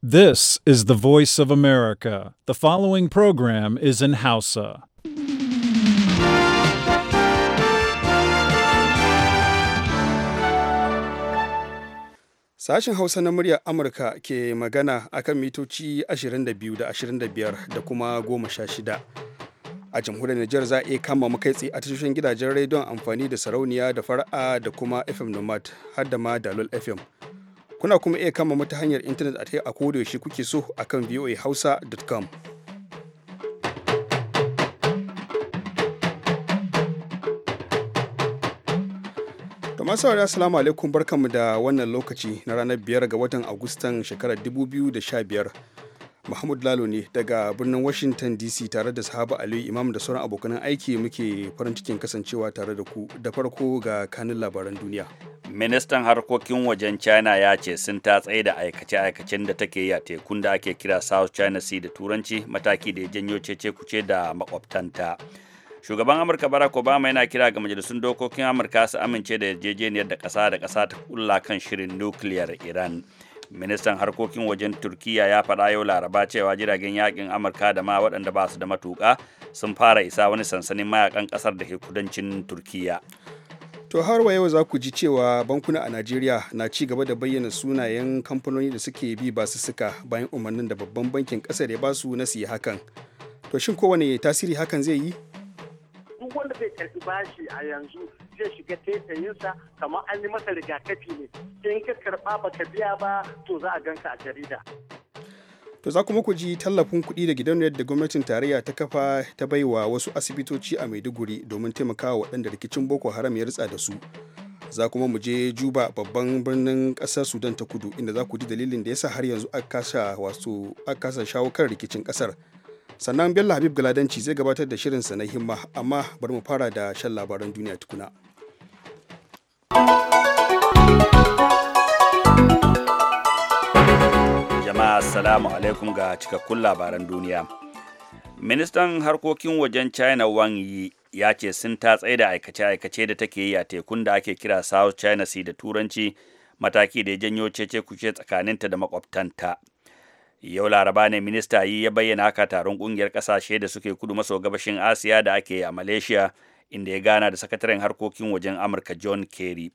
This is the voice of America. The following program is in Hausa. Sashen Hausa na muryar Amurka ke magana akan mitoci 22 da 25 da kuma 16. A jamhuriyar Nijar za a iya kama mu tsaye a tashoshin gidajen rediyon amfani da sarauniya da fara'a da kuma FM Nomad har da ma Dalol FM. kuna kuma iya kama mata hanyar intanet a shi kuke so a kan voahausa.com masu saurari assalamu alaikum barkanmu da wannan lokaci na ranar 5 ga watan agustan shekarar 2015 Mahmud Lalo ne daga birnin Washington DC tare da sahaba Aliyu Imam da sauran abokan aiki muke farin cikin kasancewa tare da ku da farko ga kanin labaran duniya. Ministan harkokin wajen China ya ce sun ta tsaye da aikace-aikacen da take yi a tekun da ake kira South China Sea da Turanci mataki da ya janyo cece kuce da makwabtanta. Shugaban Amurka Barack Obama yana kira ga majalisun dokokin Amurka su amince da yarjejeniyar da kasa da kasa ta kulla kan shirin nukiliyar Iran. ministan harkokin wajen turkiya ya faɗa yau laraba cewa jiragen yakin amurka da ma waɗanda ba su da matuƙa sun fara isa wani sansanin mayakan ƙasar da ke kudancin turkiya to har wa yau za ku ji cewa bankuna a najeriya na ci gaba da bayyana sunayen kamfanoni da suke bi ba su suka bayan umarnin da babban bankin ƙasar ya ba su na siya hakan to shin kowane tasiri hakan zai yi duk wanda zai karɓi bashi a yanzu zai shiga taitayinsa kamar an yi masa rigakafi ne in ka baka biya ba to za a ganka a jarida. To za kuma ku ji tallafin kuɗi da gidan yadda gwamnatin tarayya ta kafa ta baiwa wasu asibitoci a Maiduguri domin taimakawa waɗanda rikicin Boko Haram ya ritsa da su. Za kuma mu je Juba babban birnin ƙasar Sudan ta kudu inda za ku ji dalilin da yasa har yanzu aka kasa shawo kan rikicin ƙasar. Sannan Bello Habib Galadanci zai gabatar da shirinsa na himma amma bari mu fara da shan labaran duniya tukuna. Jama'a salamu alaikum ga cikakkun labaran duniya. Ministan harkokin wajen China Wang Yi ya ce sun ta da aikace-aikace da take yi a tekun da ake kira South China Sea da Turanci mataki da ya janyo cece kushe tsakaninta da makwabtanta. Yau Laraba ne minista yi ya bayyana haka taron kungiyar kasashe da suke kudu maso gabashin Asiya da ake yi a Malaysia inda ya gana da sakataren harkokin wajen amurka john kerry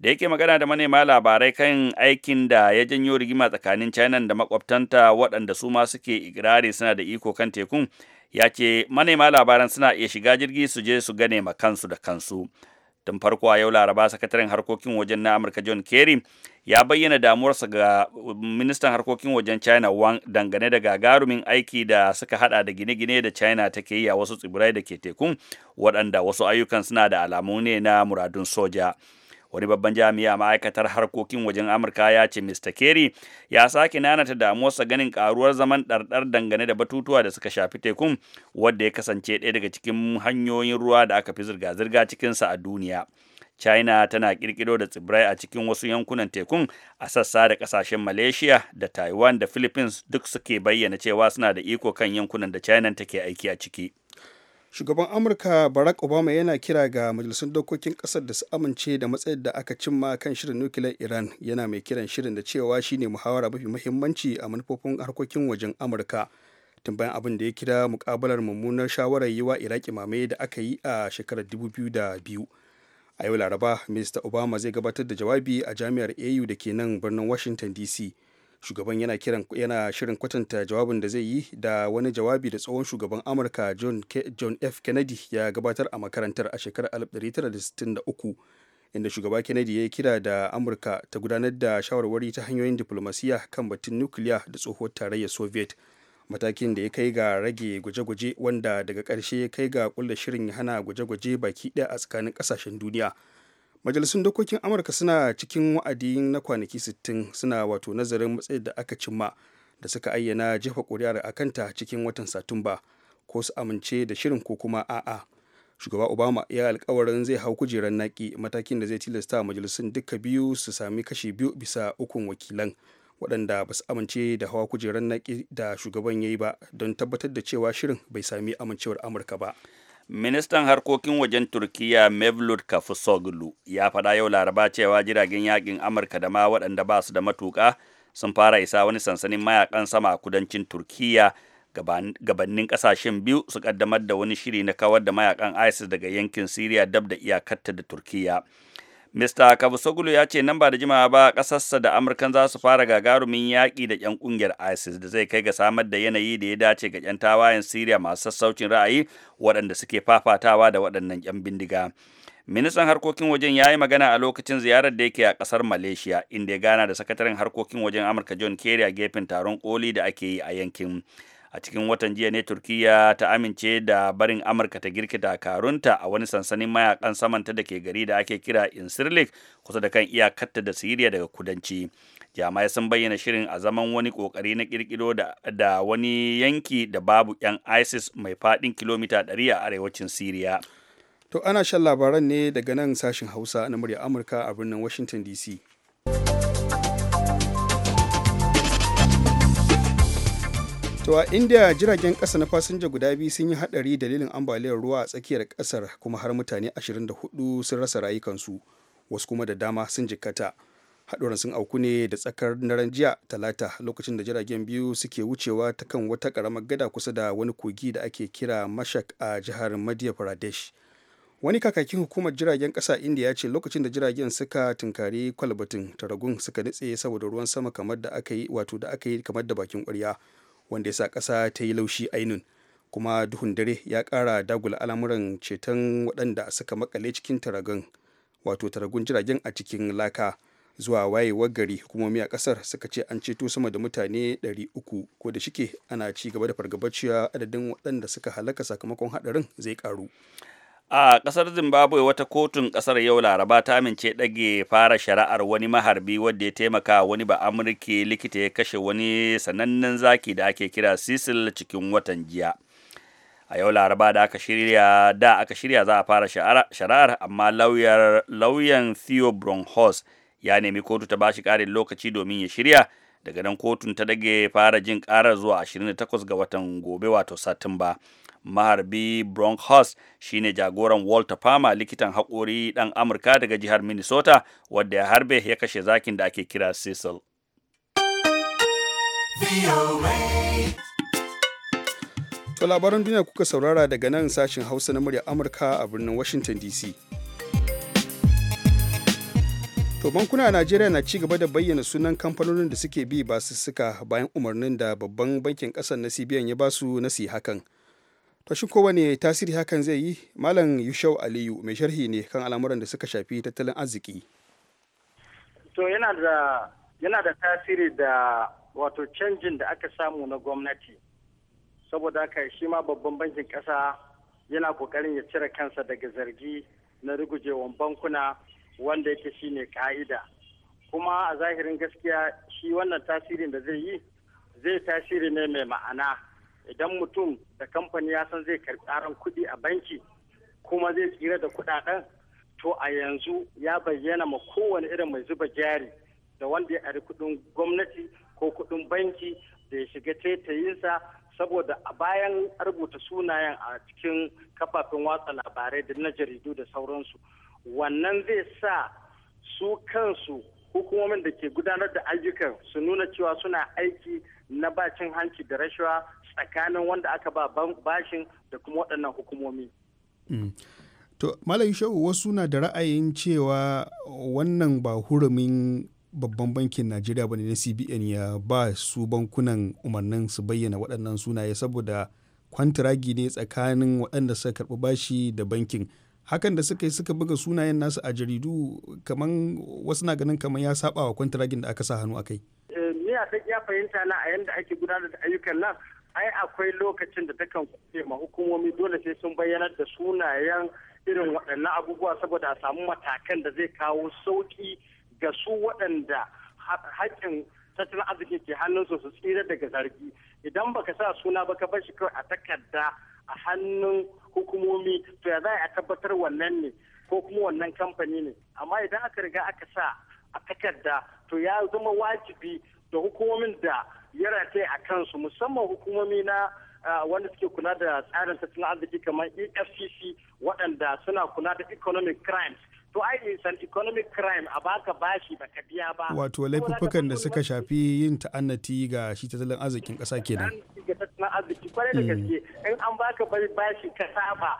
da yake magana da manema labarai kan aikin da ya janyo rigima tsakanin china da makwabtanta waɗanda su ma suke ikirari suna da iko kan tekun ya ce manema labaran suna iya shiga jirgi su je su gane ma kansu da kansu tun farko a yau laraba sakataren harkokin wajen na amurka john kerry ya bayyana damuwarsa ga ministan harkokin wajen china wang dangane da gagarumin aiki da suka hada da gine-gine da china take yi a wasu tsibirai da ke tekun waɗanda wasu ayyukan suna da alamu ne na muradun soja. wani babban jami'a ma'aikatar harkokin wajen amurka ya ce mr kerry ya sake nanata damuwarsa ganin karuwar zaman ɗarɗar dangane da batutuwa da suka shafi tekun wadda ya kasance ɗaya daga cikin hanyoyin ruwa da aka fi zirga-zirga cikinsa a duniya china tana kirkiro da tsibirai a cikin wasu yankunan tekun a sassa da kasashen malaysia da taiwan da philippines duk suke bayyana cewa suna da iko kan yankunan da china take aiki a ciki shugaban amurka barack obama yana kira ga majalisun dokokin kasar da su amince da matsayin da aka cimma kan shirin nukiliyar iran yana mai kiran shirin da cewa shine muhawara mafi mahimmanci a manufofin harkokin wajen amurka tun bayan abin da ya kira mukabalar mummunar shawarar yi wa iraki mamaye da aka yi a shekarar 2002 a yau laraba mr obama zai gabatar da jawabi a jami'ar au da ke nan birnin washington dc shugaban yana kiran yana shirin kwatanta jawabin da zai yi da wani jawabi da tsohon shugaban amurka john, john f kennedy ya gabatar a makarantar a shekarar 1963 inda shugaba kennedy ya yi kira da amurka ta gudanar da shawarwari ta hanyoyin diplomasiya kan batun nukiliya da tsohuwar tarayyar soviet matakin da ya kai ga rage gwaje-gwaje wanda daga ƙarshe ya kai ga ƙulla shirin hana gwaje-gwaje baki ɗaya a tsakanin ƙasashen duniya majalisun dokokin amurka suna cikin wa'adi na kwanaki 60 suna wato nazarin matsayin da aka cimma da suka ayyana jefa ƙuri'ar kanta cikin watan satumba ko su amince da shirin ko kuma a'a shugaba obama ya alkawarin zai hau kujerar naki matakin da zai tilasta majalisun duka biyu su sami kashi biyu bisa ukun wakilan waɗanda ba su amince da hawa kujerar naki da shugaban ya yi ba don tabbatar da cewa shirin bai sami amincewar amurka ba ministan harkokin wajen turkiyya mevlut kafusoglu ya faɗa yau laraba cewa jiragen yakin amurka da ma waɗanda ba su da matuƙa sun fara isa wani sansanin mayakan sama a kudancin turkiya gabannin ƙasashen biyu su ƙaddamar da wani shiri na kawar da mayakan isis daga yankin siriya dab da iyakarta da turkiyya. Mr. Kabusogulu ya ce nan ba da jimawa ba ƙasarsa da Amurkan za su fara gagarumin yaƙi da 'yan ƙungiyar ISIS da zai kai ga samar da yanayi da ya dace ga 'yan tawayen Siriya masu sassaucin ra'ayi waɗanda suke fafatawa da waɗannan 'yan bindiga. Ministan harkokin wajen ya yi magana a lokacin ziyarar da yake a ƙasar Malaysia inda ya gana da sakataren harkokin wajen Amurka John Kerry a gefen taron koli da ake yi a yankin. a cikin watan jiya ne turkiya ta amince da barin amurka ta girki dakarunta a wani sansanin mayakan samanta da ke gari da ake kira insirlik kusa da kan iyakarta da siriya daga kudanci jami'ai sun bayyana shirin a zaman wani kokari na kirkiro da, wani yanki da babu 'yan isis mai faɗin kilomita 100 a arewacin siriya to ana shan labaran ne daga nan sashin hausa na murya amurka a birnin washington dc To a india jiragen ƙasa na fasinja guda biyu sun yi haɗari dalilin ambaliyar ruwa a tsakiyar ƙasar kuma har mutane 24 sun rasa rayukansu wasu kuma da dama sun jikkata. Haɗuran sun auku ne da tsakar daren jiya talata lokacin da jiragen biyu suke wucewa ta kan wata ƙaramar gada kusa da wani kogi da ake kira Mashak a jihar Madhya Pradesh. Wani kakakin hukumar jiragen ƙasa India ya ce lokacin da jiragen suka tunkari kwalbatin taragun suka nutse saboda ruwan sama kamar da aka yi wato da aka yi kamar da bakin ƙwarya. wanda ya sa ƙasa ta yi laushi ainun kuma duhun dare ya ƙara dagula al'amuran ceton waɗanda suka makale cikin taragun wato taragun jiragen a cikin laka zuwa wayewar gari hukumomi a ƙasar suka ce an ceto sama da mutane 300 ko da shike ana ci gaba da fargabar cewa adadin waɗanda suka halaka sakamakon haɗarin zai ƙaru a ƙasar zimbabwe wata kotun ƙasar yau laraba ta amince ɗage fara shari'ar wani maharbi wadda ya taimaka wani ba likita ya kashe wani sanannen zaki da ake kira sisil cikin watan jiya a yau laraba da aka shirya da aka shirya za a fara shari'ar amma lauyar lauyan theo bronhos ya nemi kotu ta bashi ƙarin lokaci domin ya shirya daga nan kotun ta dage fara jin ƙarar zuwa 28 ga watan gobe wato satumba. maharbi bronkhorst shine jagoran walter palmer likitan haƙori ɗan amurka daga jihar minnesota wadda ya harbe ya kashe zakin da ake kira cecil To labaran duniya kuka saurara daga nan sashen hausa na murya amurka a birnin washington dc To bankuna a Najeriya na ci gaba da bayyana sunan kamfanonin da suke bi ba su suka bayan umarnin da babban bankin kasar na CBN ya basu na hakan. To shi kowane tasiri hakan zai yi? Malam Yushau Aliyu mai sharhi ne kan al'amuran da suka shafi tattalin arziki. To yana da tasiri da wato canjin da aka samu na gwamnati. Saboda haka shi ma babban bankin ƙasa yana kokarin ya cire kansa daga zargi na rugujewan bankuna wanda yake shine ka'ida. Kuma a zahirin gaskiya shi wannan tasirin da zai yi zai tasiri ne mai ma'ana. idan mutum da kamfani ya san zai karbi karan kuɗi a banki kuma zai tsira da kuɗaɗen to a yanzu ya bayyana ma kowane irin mai zuba jari da wanda ya ari kuɗin gwamnati ko kuɗin banki da ya shiga taitayinsa saboda a bayan rubuta sunayen a cikin kafafen watsa labarai da na jaridu da sauransu wannan zai sa su kansu hukumomin da ke gudanar da ayyukan su nuna cewa suna aiki na bacin hanci da rashawa tsakanin wanda aka ba bashin da kuma waɗannan hukumomi. Mm. To, Malam Shehu wasu na da ra'ayin cewa wannan ba hurumin babban bankin Najeriya ne na CBN ya ba su bankunan umarnin su bayyana waɗannan sunaye saboda kwantiragi ne tsakanin waɗanda suka karɓi bashi da bankin. hakan da suka yi suka buga sunayen nasu a jaridu kaman wasu na ganin kamar ya saba wa kwantiragin da aka sa hannu a kai. duniya ta iya fahimta na a yanda ake gudanar da ayyukan nan ai akwai lokacin da takan kuce ma hukumomi dole sai sun bayyanar da sunayen irin waɗannan abubuwa saboda a samu matakan da zai kawo sauƙi ga su waɗanda haƙƙin tattalin arziki ke hannunsu su tsira daga zargi idan baka sa suna ba ka bar shi kawai a takarda a hannun hukumomi to ya za a tabbatar wannan ne ko kuma wannan kamfani ne amma idan aka riga aka sa a takarda to ya zama wajibi da hukumomin da ya rataye a kansu musamman hukumomi na wanda suke kula da tsarin tattalin arziki kamar efcc waɗanda suna kula da economic crimes to ai san economic crime a baka bashi baka biya ba wato laifukan da suka shafi yin ta'annati ga shi tattalin arzikin ƙasa kenan ga tattalin arziki kwarai da mm. gaske in an baka bashi ka saba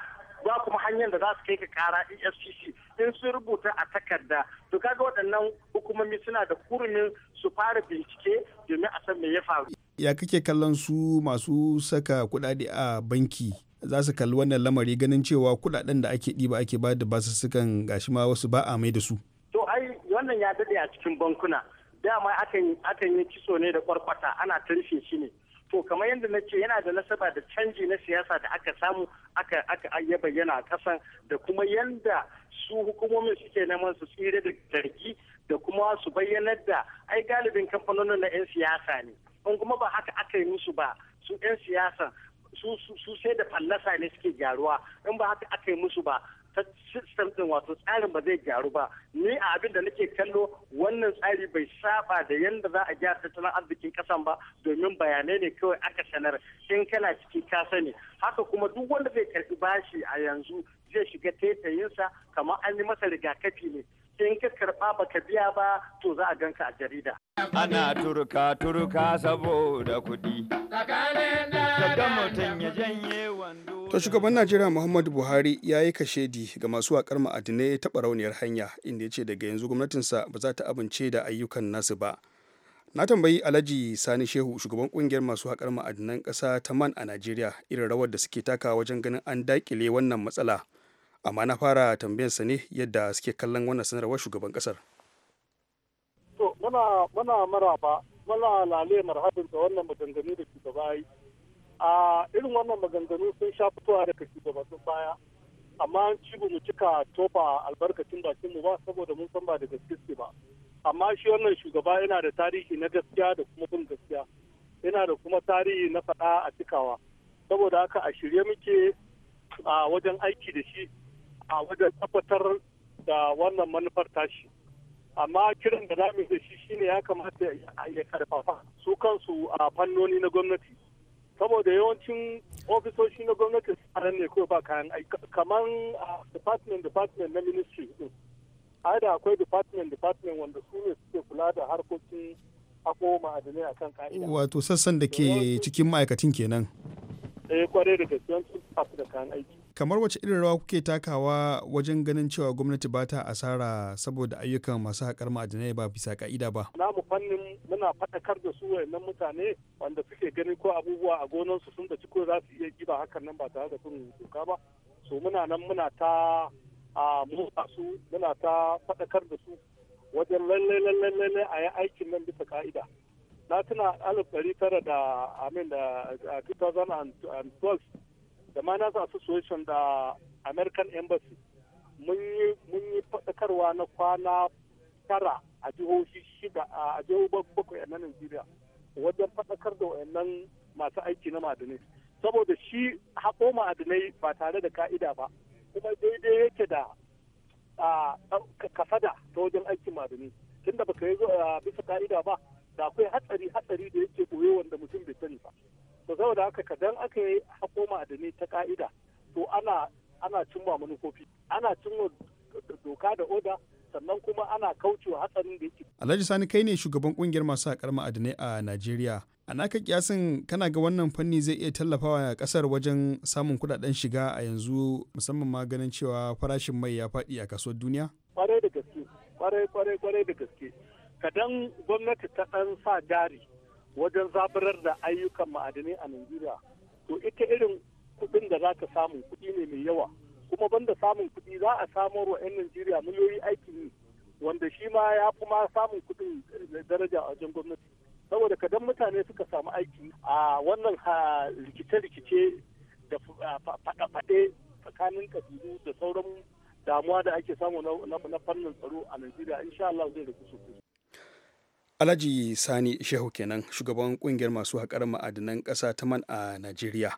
ba kuma hanyar da za su kai ka kara EFCC in sun rubuta a takarda to kaga waɗannan hukumomi suna da kurumin su fara bincike domin a san me ya faru. Ya kake kallon su masu saka kuɗaɗe a banki za su kalli wannan lamari ganin cewa kuɗaɗen da ake ɗiba ake ba da basu sukan gashi ma wasu ba a mai da su. To ai wannan ya daɗe a cikin bankuna dama akan yi kiso ne da kwarkwata ana tarfe shi ne. to kamar yadda na ce yana da nasaba da canji na siyasa da aka samu aka aka ya bayyana a kasan da kuma yadda su hukumomin suke neman su tsire da zargi da kuma su bayyanar da ai galibin kamfanonin na 'yan siyasa ne in kuma ba haka aka yi musu ba su 'yan siyasa su sai da fallasa ne suke gyaruwa in ba haka aka yi musu ba ta system din wato tsarin ba zai gyaru ba ni a abin da nake kallo wannan tsari bai saba da yadda za a gyara tattalin arzikin kasan ba domin bayanai ne kawai aka sanar in kana ciki ka sani haka kuma duk wanda zai karbi bashi a yanzu zai shiga tetayinsa kamar an yi masa rigakafi ne in ka karba baka biya ba to za a ganka a jarida ana turka turka saboda kuɗi. Tsakanin da mutum ya janye wando. To shugaban Najeriya Muhammadu Buhari ya yi kashedi ga masu wakar ma'adinai ta barauniyar hanya inda ya ce daga yanzu gwamnatinsa ba za ta amince da ayyukan nasu ba. Na tambayi Alhaji Sani Shehu shugaban kungiyar masu wakar ma'adinan ƙasa ta man a Najeriya irin rawar da suke taka wajen ganin an daƙile wannan matsala. Amma na fara tambayarsa ne yadda suke kallon wannan sanarwar shugaban ƙasar. To muna muna maraba muna lalemar hadin da wannan maganganu da shugaba yi a irin wannan maganganu sun sha fitowa daga shugabannin baya amma an ci mu cika tofa albarkacin bakin mu ba saboda mun san ba da gaske ba amma shi wannan shugaba yana da tarihi na gaskiya da kuma bin gaskiya yana da kuma tarihi na faɗa a cikawa saboda haka a shirye muke a wajen aiki da shi a wajen tabbatar da wannan manufar tashi amma kiran da zamu da shi shine ya kamata ya karfafa su kansu a fannoni na gwamnati saboda yawancin ofisoshi na gwamnati su ne ne ba kayan aiki kamar ah, department department na ministry din da akwai department department wanda su ne suke kula da harkokin hako ma'adanai akan ka'ida wato sassan da ke cikin ma'aikacin kenan eh kwarai da gaske yawancin da kayan aiki kamar wace irin rawa kuke takawa wajen ganin cewa gwamnati ba ta asara saboda ayyukan masu haƙar ma'adinai ba bisa ka'ida ba na mu fannin muna faɗakar da su wayannan mutane wanda suke ganin ko abubuwa a su sun da ciko za su iya giba hakan nan ba tare da sun doka ba so muna nan muna ta a motsa su muna ta faɗakar da su wajen lallai lallai lallai a yi aikin nan bisa ka'ida na tuna alif ɗari tara da amin da 2012 da su Association da American Embassy mun yi faɗakarwa na kwana tara a jihohi shida a jihohi bakwai na nigeria wajen faɗakar da wayannan masu aiki na ma'adinai saboda shi haƙo ma'adinai ba tare da ka'ida ba kuma daidai yake da kafada ta wajen aikin ma'adinai tunda baka yi bisa ka'ida ba da akwai hatsari hatsari da yake koyo wanda mutum bai sani ba to saboda haka kadan aka yi hako ma'adani ta ka'ida to ana ana cimma manufofi ana cimma doka da oda sannan kuma ana kaucewa hatsarin da yake. Alhaji Sani kai ne shugaban kungiyar masu haƙar ma'adinai a Najeriya. A naka kiyasin kana ga wannan fanni zai iya tallafawa a kasar wajen samun kudaden shiga a yanzu musamman ma ganin cewa farashin mai ya faɗi a kasuwar duniya? Kwarai da gaske, kwarai kwarai kwarai da gaske. Kadan gwamnati ta ɗan sa jari wajen zaburar da ayyukan ma'adanai a Najeriya to ita irin kuɗin da za ka samu kuɗi ne mai yawa kuma banda samun kuɗi za a samar wa 'yan Najeriya miliyoyi aiki yi wanda shi ma ya fi samun kuɗin daraja a wajen gwamnati saboda kadan mutane suka samu aiki a wannan rikice-rikice da faɗe-faɗe tsakanin kabilu da sauran damuwa da ake samu na fannin tsaro a Najeriya insha Allah zai ragu sosai. Alhaji Sani Shehu kenan shugaban kungiyar masu haƙar ma'adinan ƙasa ta man a Najeriya.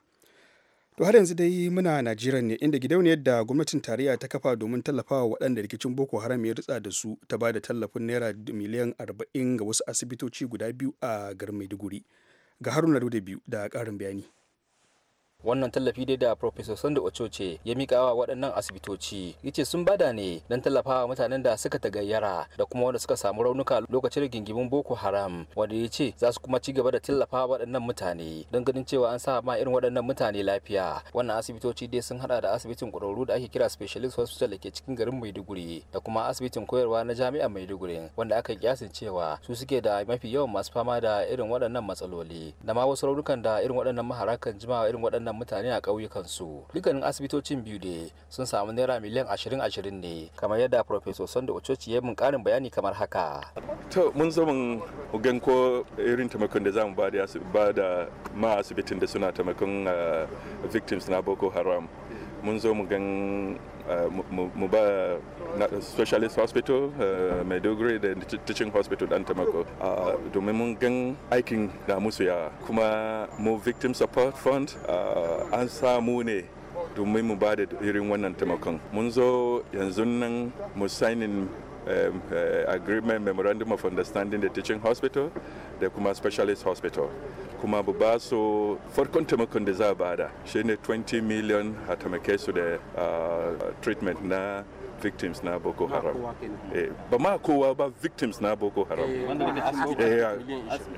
To har yanzu dai muna Najeriya ne inda gidauniyar yadda gwamnatin tarayya ta kafa domin tallafawa waɗanda rikicin Boko Haram ya rutsa da su ta ba da tallafin naira miliyan arba'in ga wasu asibitoci guda biyu a garin Maiduguri. Ga Haruna da biyu da ƙarin bayani. wannan tallafi dai da professor sandu ochoce ya mika wa waɗannan asibitoci yace sun bada ne don tallafawa mutanen da suka tagayyara da kuma wanda suka samu raunuka lokacin gingimin boko haram wanda ya ce za su kuma ci gaba da tallafa waɗannan mutane don ganin cewa an sa ma irin waɗannan mutane lafiya wannan asibitoci dai sun hada da asibitin ƙwararru da ake kira specialist hospital da ke cikin garin maiduguri da kuma asibitin koyarwa na jami'a maiduguri wanda aka kiyasin cewa su suke da mafi yawan masu fama da irin waɗannan matsaloli da ma wasu raunukan da irin waɗannan maharakan irin waɗannan waɗannan mutane a su dukkanin asibitocin biyu da sun samu naira miliyan ashirin ashirin ne kamar yadda professor sanda ococi ya min karin bayani kamar haka to mun zo mun gan ko irin taimakon da zamu ba da ba da ma asibitin da suna taimakon ah, victims na boko haram mun zo mu gan ah, mu ba specialist hospital eh, maiduguri da teaching hospital dan tamako eh, domin mun gan aikin da musu ya. kuma mu victim support fund eh, an samu ne domin mu ba da irin wannan taimakon mun zo yanzu nan mu signing um, uh, agreement memorandum of understanding da teaching hospital da kuma specialist hospital kuma bu ba su farkon taimakon da za a bada shine 20 million a taimake su da treatment na victims na boko haram eh, ba ma kowa ba victims na boko eh, haram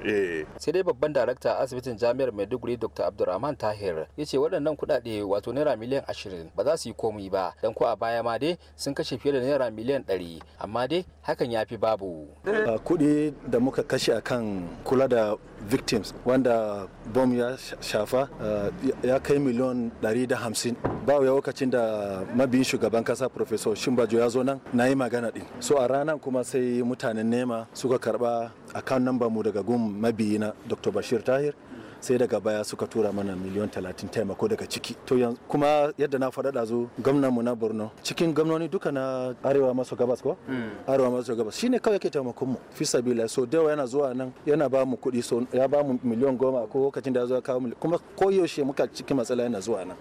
eh, sai dai babban darakta asibitin jami'ar maiduguri dr abdulrahman tahir ya ce waɗannan kuɗaɗe wato naira miliyan ashirin ba za su yi komai ba don ko a baya ma dai sun kashe fiye da naira miliyan ɗari amma dai hakan ya fi babu kuɗi da muka kashe akan kula da victims wanda bom ya shafa eh, ya kai miliyan 150 ba lokacin da mabiyin shugaban kasa professor shimbajo ya zo nan na yi magana din so a ranar kuma sai mutanen nema suka karba akan number mu daga gun mabiyina dr bashir tahir sai daga baya suka tura mana miliyan talatin taimako daga ciki to kuma yadda na faɗa zu gwamnan mu na borno cikin gwamnoni duka na arewa maso gabas ko mm. arewa maso gabas shine kawai ke taimakon mu fi sabila so da yana zuwa nan yana ba mu kuɗi so ya ba mu miliyan goma ko lokacin da ya zo ya kawo kuma koyaushe muka cikin matsala yana zuwa nan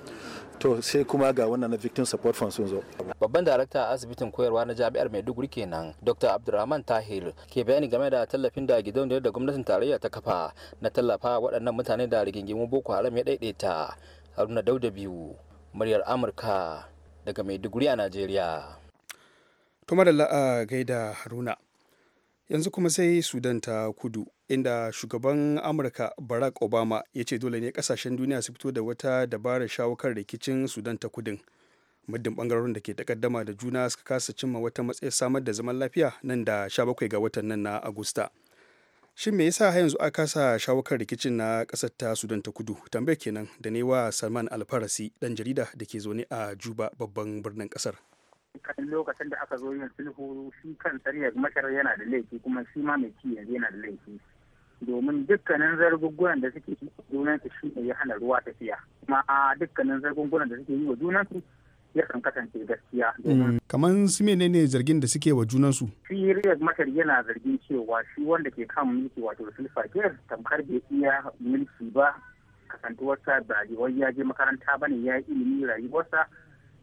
to sai kuma ga wannan na victim support fund sun zo babban darakta asibitin koyarwa na jami'ar maiduguri kenan dr abdulrahman tahir ke bayani game da tallafin da gidauniyar da gwamnatin tarayya ta kafa na tallafa waɗannan mutane da rigingimun boko haram ya daidaita haruna dauda biyu muryar amurka daga maiduguri a najeriya to madalla a gaida haruna yanzu kuma sai sudan ta kudu inda shugaban amurka barack obama ya ce dole ne kasashen duniya su fito da wata dabarar shawo kan rikicin sudan ta kudin muddin bangarorin da ke takaddama da juna suka kasa cimma wata matsayin samar da zaman lafiya nan da 17 ga watan nan na agusta shin me yasa har yanzu aka sa shawo kan rikicin na ƙasar ta sudan ta kudu tambayar kenan da ne wa salman alfarasi dan jarida da ke zaune a juba babban birnin ƙasar kan lokacin da aka zo yin sulhu shi kan tsariya mashar yana da laifi kuma shi ma mai ci yanzu yana da laifi domin dukkanin zargungunan da suke yi wa junansu shi ne ya hana ruwa tafiya kuma dukkanin zargungunan da suke yi wa junansu yakan kasance gaskiya. Mm. Kamar su menene zargin da suke wa junansu? Shi Riyad Makar yana zargin cewa shi wanda ke kan mulki wato Rasul Fakir tamkar bai iya mulki ba kasantuwarsa da wai ya je makaranta ba ne ya yi ilimi rayuwarsa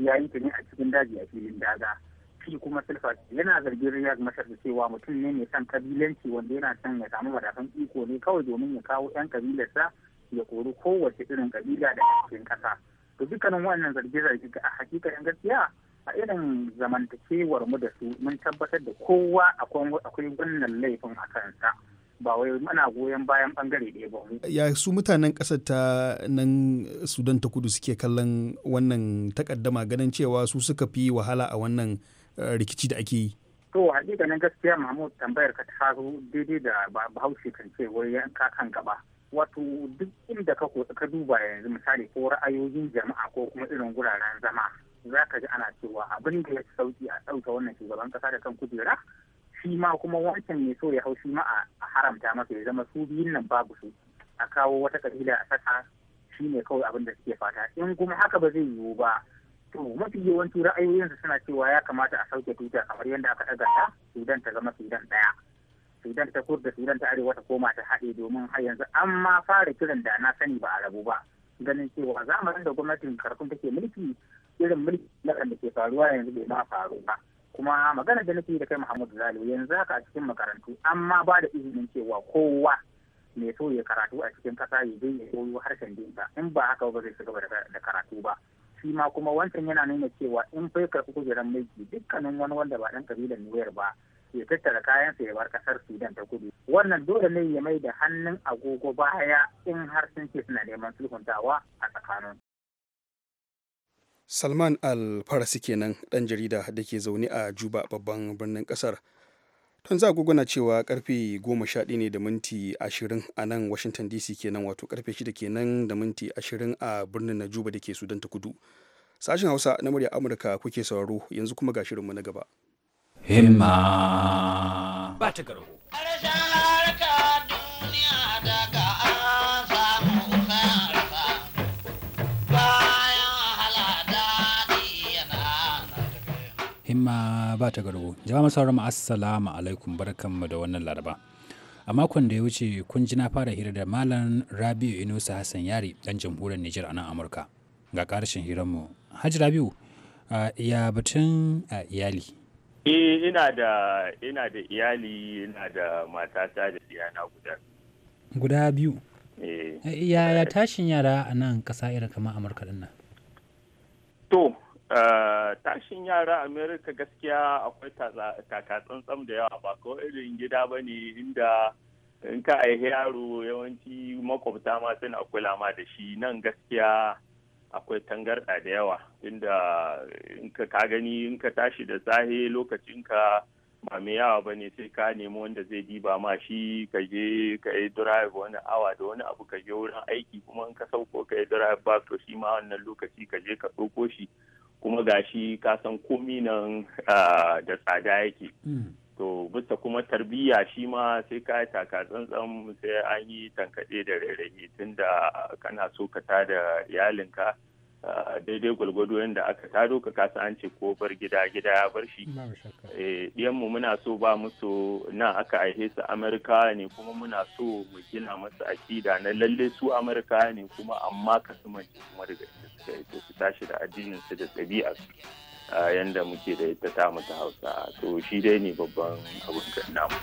ya yi ta ne a cikin daji a filin daga. Shi kuma Silfa yana zargin riyar Makar da cewa mutum ne mai son kabilanci wanda yana son ya samu madafan iko ne kawai domin ya kawo 'yan kabilarsa ya kori kowace irin kabila da cikin ƙasa. to dukkanin wannan zarge-zarge a hakikanin gaskiya a irin zamantakewar mu da su mun tabbatar da kowa akwai wannan laifin a kansa ba wai mana goyon bayan bangare ɗaya ba ya su mutanen ƙasar ta nan sudan ta kudu suke kallon wannan takaddama ganin cewa su suka fi wahala a wannan eh, rikici da ake yi to hakikanin gaskiya mahmud tambayar ka ta daidai da bahaushe kan ce wai yanka kan gaba wato duk inda ka ka duba yanzu misali ko ra'ayoyin jama'a ko kuma irin guraren zama za ka ji ana cewa abin da ya sauki a ɗauka wannan shugaban ƙasa da kan kujera shi ma kuma wancan mai so ya hau shi ma a haramta masa ya zama su biyun nan babu su a kawo wata kabila a saka shi ne kawai abin da suke fata in kuma haka ba zai yiwu ba to mafi yawanci ra'ayoyinsu suna cewa ya kamata a sauke tuta kamar yadda aka ɗaga ta sudan ta zama sudan ɗaya sudan ta kur da sudan ta arewa ta koma ta haɗe domin har yanzu an ma fara kiran da na sani ba a rabu ba ganin cewa zamanin da gwamnatin karfin take mulki irin mulki na da ke faruwa yanzu bai ma faru ba kuma magana da nake da kai muhammadu Zali yanzu haka a cikin makarantu an ma ba da izinin cewa kowa mai so ya karatu a cikin kasa ya je ya koyo harshen dinka in ba haka ba zai shiga gaba da karatu ba shi ma kuma wancan yana nuna cewa in fai karɓi kujerar mulki dukkanin wani wanda ba ɗan kabilar wayar ba ya tattara kayan su ya bar kasar sudan ta kudu wannan dole ne ya mai da hannun agogo baya in har sun ce suna neman sulhuntawa a tsakanin salman alfarasi kenan ɗan jarida da ke zaune a juba babban birnin kasar tun za na cewa karfe goma sha ne da minti 20 a nan washington dc kenan wato karfe shida kenan da minti ashirin a birnin na juba da ke sudan ta kudu sashen hausa na murya amurka kuke sauraro yanzu kuma ga shirinmu na gaba himma ba ta garo. himma ba ta garbo jama'a sauran assalamu alaikum barkanmu da wannan laraba a makon da ya wuce kun ji na fara hira da malam rabiu inusa hassan yari dan jamhuriyar nijar a nan amurka ga karshen hiranmu hajji rabiu ya batun iyali Eh ina da ina da iyali ina da matata da iyana guda. Guda biyu. Eh. eh ya tashin yara a nan ƙasa irin kamar Amurka din nan? To, eh, tashin yara Amerika gaskiya akwai takatsantsan da yawa ba ko irin gida ba ne inda in ka aihe yaro yawanci makwabta ma suna kula ma da shi nan gaskiya akwai tangarɗa da yawa inda in ka gani in ka tashi da sahe lokacin ka ba mai yawa ba ne sai ka nemi wanda zai diba ma shi ka je ka yi drive wani awa da wani abu ka je wurin aiki kuma in ka sauko ka yi drive back to shi ma wannan lokaci ka je ka ɗauko shi kuma gashi ka san komi nan ah, da tsada yake hmm. to bisa kuma tarbiyya shi ma sai ka yi taka tsantsan sai an yi tankaɗe da tun da kana so ka tada iyalinka ah, daidai gwalgwado yadda aka tado ka kasa an ce ko bar gida gida ya bar shi eh, ɗiyanmu muna so ba musu na aka aihe su amurka ne kuma muna so mu gina masu akida na lalle su amurka ne kuma amma ka su kuma daga suka su tashi da addinin su da ɗabi'a su yanda muke da ita ta ta hausa to shi dai ne babban abin da namu.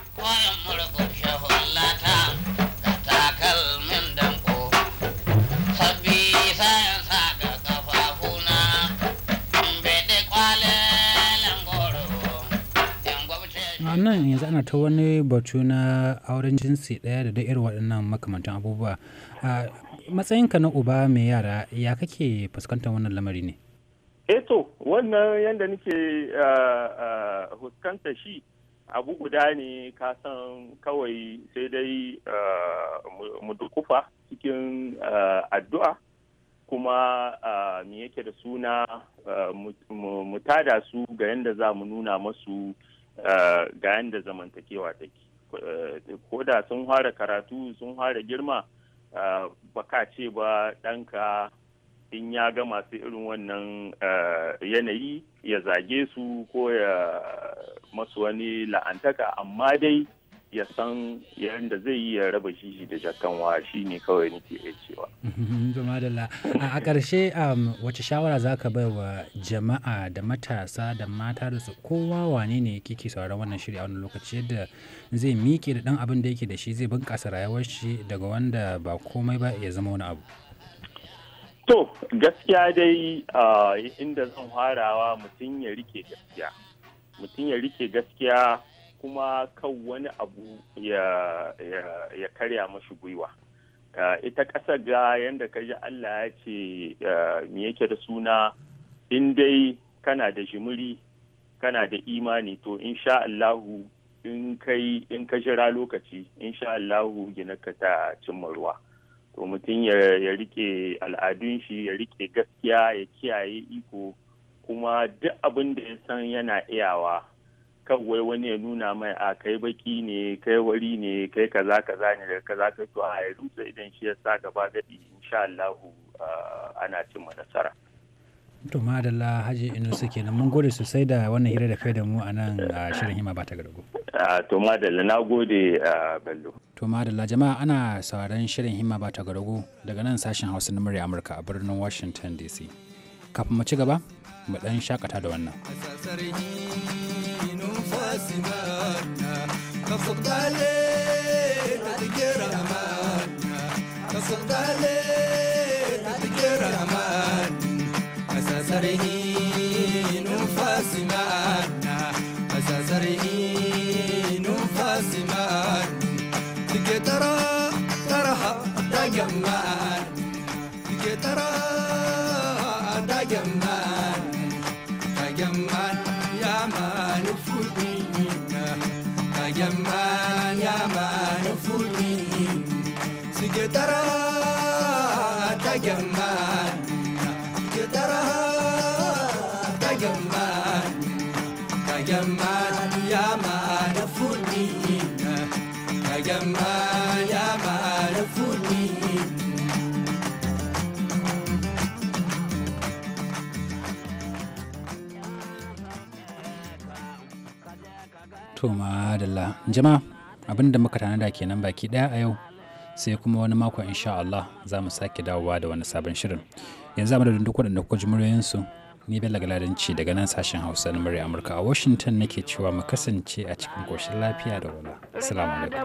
nan yanzu ana ta wani batu na auren jinsi ɗaya da irin waɗannan makamantan abubuwa matsayinka na uba mai yara ya kake fuskantar wannan lamari ne? eto eh wannan yadda nake huskanta eh, eh, shi abu guda ne ka san kawai sai dai eh, mu cikin addu'a kuma mu yake da suna mu tada su ga yadda za mu nuna masu ga yadda zamantakewa take ko da sun fara karatu sun fara girma baka ce ba ɗanka in ya ga masu irin wannan eh, yanayi ya zage su ko ya masu wani la'antaka amma dai ya san yadda zai yi ya raba shi da jakanwa shi ne kawai nake iya cewa. a ƙarshe um, wace shawara za ka bai wa jama'a da matasa da mata da su kowa wane ne kike sauran wannan shirya wani lokaci yadda zai miƙe da ɗan abin da yake da shi zai bunƙasa rayuwar shi daga wanda ba komai ba ya zama wani abu. To gaskiya dai inda zan farawa mutum ya rike gaskiya. Mutum ya rike gaskiya kuma kan wani abu ya karya mashi gwiwa. Ita ƙasa ga yadda ka ji Allah ya ce me yake da suna in dai kana da jimiri kana da imani to insha Allahu in kai in ka jira lokaci insha Allahu gina ka ta cimma ruwa. to mutum ya rike al'adun shi ya rike gaskiya ya kiyaye iko kuma duk abin da ya san yana iyawa kawai wani ya nuna mai a kai baki ne kai wari ne kai kaza kaza ne daga kaza kai to a ya rusa idan shi ya sa gaba gadi insha Allah ah, ana cin nasara To madalla Haji Inusa ke mun gode sosai da wannan hira da kai da mu a nan a shirin hima ba ta gargo To madalla na gode Bello. To madalla jama'a ana sauraron shirin hima ba ta gargo daga nan sashen Hausa na murya Amurka a birnin Washington DC. Kafin mu ci gaba mu dan shakata da wannan. Ka रही Kagamman, Kagamman, Yama da Funi, Kagamman, Yama da Funi. To madalla, jama'a abinda muka tanada kenan baki daya a yau sai kuma wani mako insha Allah za mu sake dawowa da wani sabon shirin yanzu a madadin duk waɗanda kuka jimuriyoyinsu ni bella Galadanci daga nan sashen Hausa na murya Amurka a Washington nake cewa mu kasance a cikin koshin lafiya da wala. Assalamu alaikum.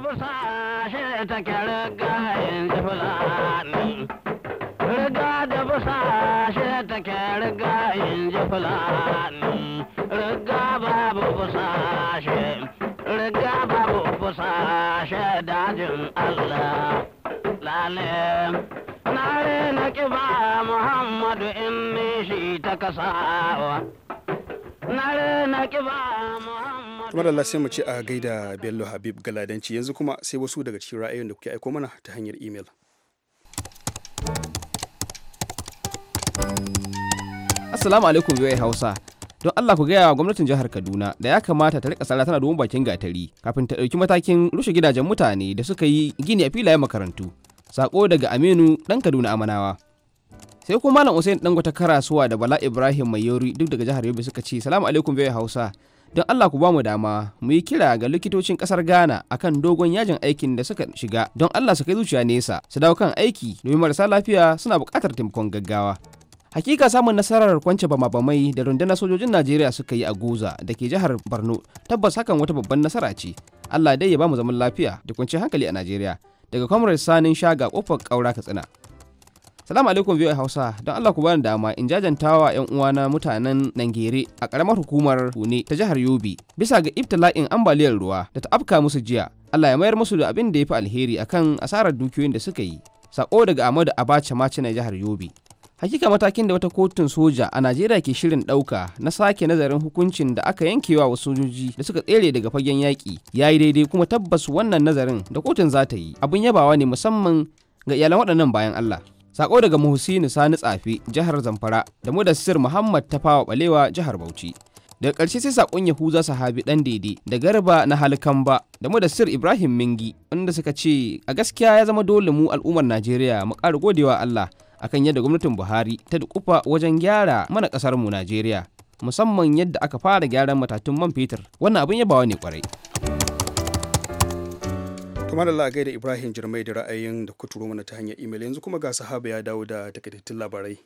Riga babu busashe, riga haƙi ba Muhammadu in ta kasawa. Nare na Allah sai mu ce a gaida Bello Habib Galadanci yanzu kuma sai wasu daga cikin ra'ayoyin da kuke aiko mana ta hanyar imel. Assalamu alaikum biyu Hausa. Don Allah ku gaya wa gwamnatin jihar Kaduna da ya kamata ta rika tsara tana domin bakin gatari kafin ta ɗauki matakin rushe gidajen mutane da suka yi gini a filayen makarantu. Sako daga Aminu ɗan Kaduna Amanawa. Sai kuma Malam Usain dan ta karasuwa da Bala Ibrahim mai yori duk daga jihar Yobe suka ce salamu alaikum bai Hausa. Don Allah ku bamu dama mu yi kira ga likitocin kasar Ghana akan dogon yajin aikin da suka shiga don Allah su kai zuciya nesa su dawo kan aiki domin marasa lafiya suna buƙatar taimakon gaggawa. hakika samun nasarar kwance bama-bamai da rundunar sojojin najeriya suka yi a goza da ke jihar borno tabbas hakan wata babban nasara ce allah dai ya bamu zaman lafiya da kwanciyar hankali a najeriya daga kwamrar sanin shaga kofar kaura katsina salamu alaikum biyu hausa don allah ku bani dama in jajantawa yan uwana mutanen nangere a ƙaramar hukumar hune ta jihar yobe bisa ga ibtila'in ambaliyar ruwa da ta afka musu jiya allah ya mayar musu da abin da ya fi alheri akan asarar dukiyoyin da suka yi sako daga amadu abacha mace na jihar yobe hakika matakin da wata kotun soja a najeriya ke shirin ɗauka na sake nazarin hukuncin da aka yankewa wa sojoji da suka tsere daga fagen yaƙi ya yi daidai kuma tabbas wannan nazarin da kotun za ta yi abin yabawa ne musamman ga iyalan waɗannan bayan allah sako daga muhusinu sani tsafe jihar zamfara da mudassir muhammad tafawa balewa jihar bauchi daga ƙarshe sai sakon yahuza sahabi dan daidai da garba na halkamba da mu da sir ibrahim mingi wanda suka ce a gaskiya ya zama dole mu al'ummar najeriya mu ƙara godewa allah akan yadda gwamnatin Buhari ta dukufa wajen gyara mana kasar mu Najeriya musamman yadda aka fara gyaran matatun man fetur wannan abin yabawa ne kwarai. kamar Allah gaida Ibrahim Jirmai da ra'ayin da ku turo mana ta hanyar email yanzu kuma ga sahaba ya dawo da takaitattun labarai.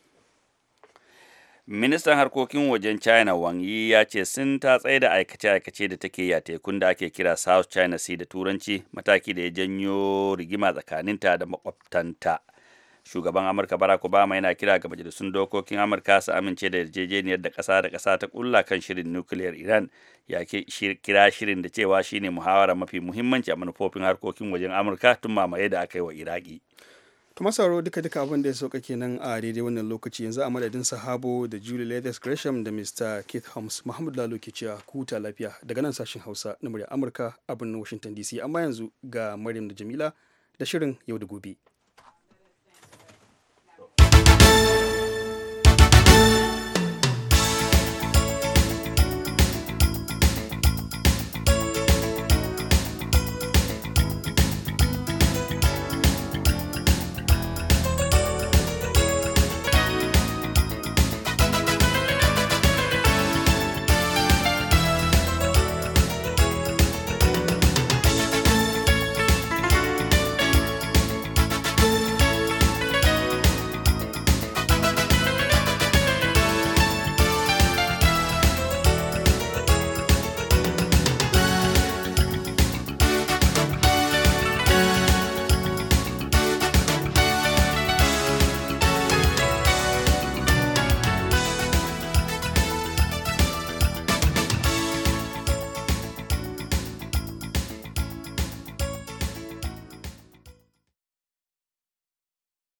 Ministan harkokin wajen China Wang Yi ya ce sun ta tsaye da aikace-aikace da take yi a tekun da ake kira South China Sea da Turanci mataki da ya janyo rigima tsakaninta da makwabtanta. shugaban amurka barack obama yana kira ga majalisun dokokin amurka su amince da yarjejeniyar da ƙasa da ƙasa ta kulla kan shirin nukiliyar iran ya kira shirin da cewa shine muhawara mafi muhimmanci a manufofin harkokin wajen amurka tun mamaye da aka yi wa iraki kuma sauro duka duka abin da ya sauka kenan a daidai wannan lokaci yanzu a madadin sahabo da julie leathers gresham da mr keith holmes muhammad lalo ke cewa kuta lafiya daga nan sashen hausa na murya amurka a birnin washington dc amma yanzu ga maryam da jamila da shirin yau da gobe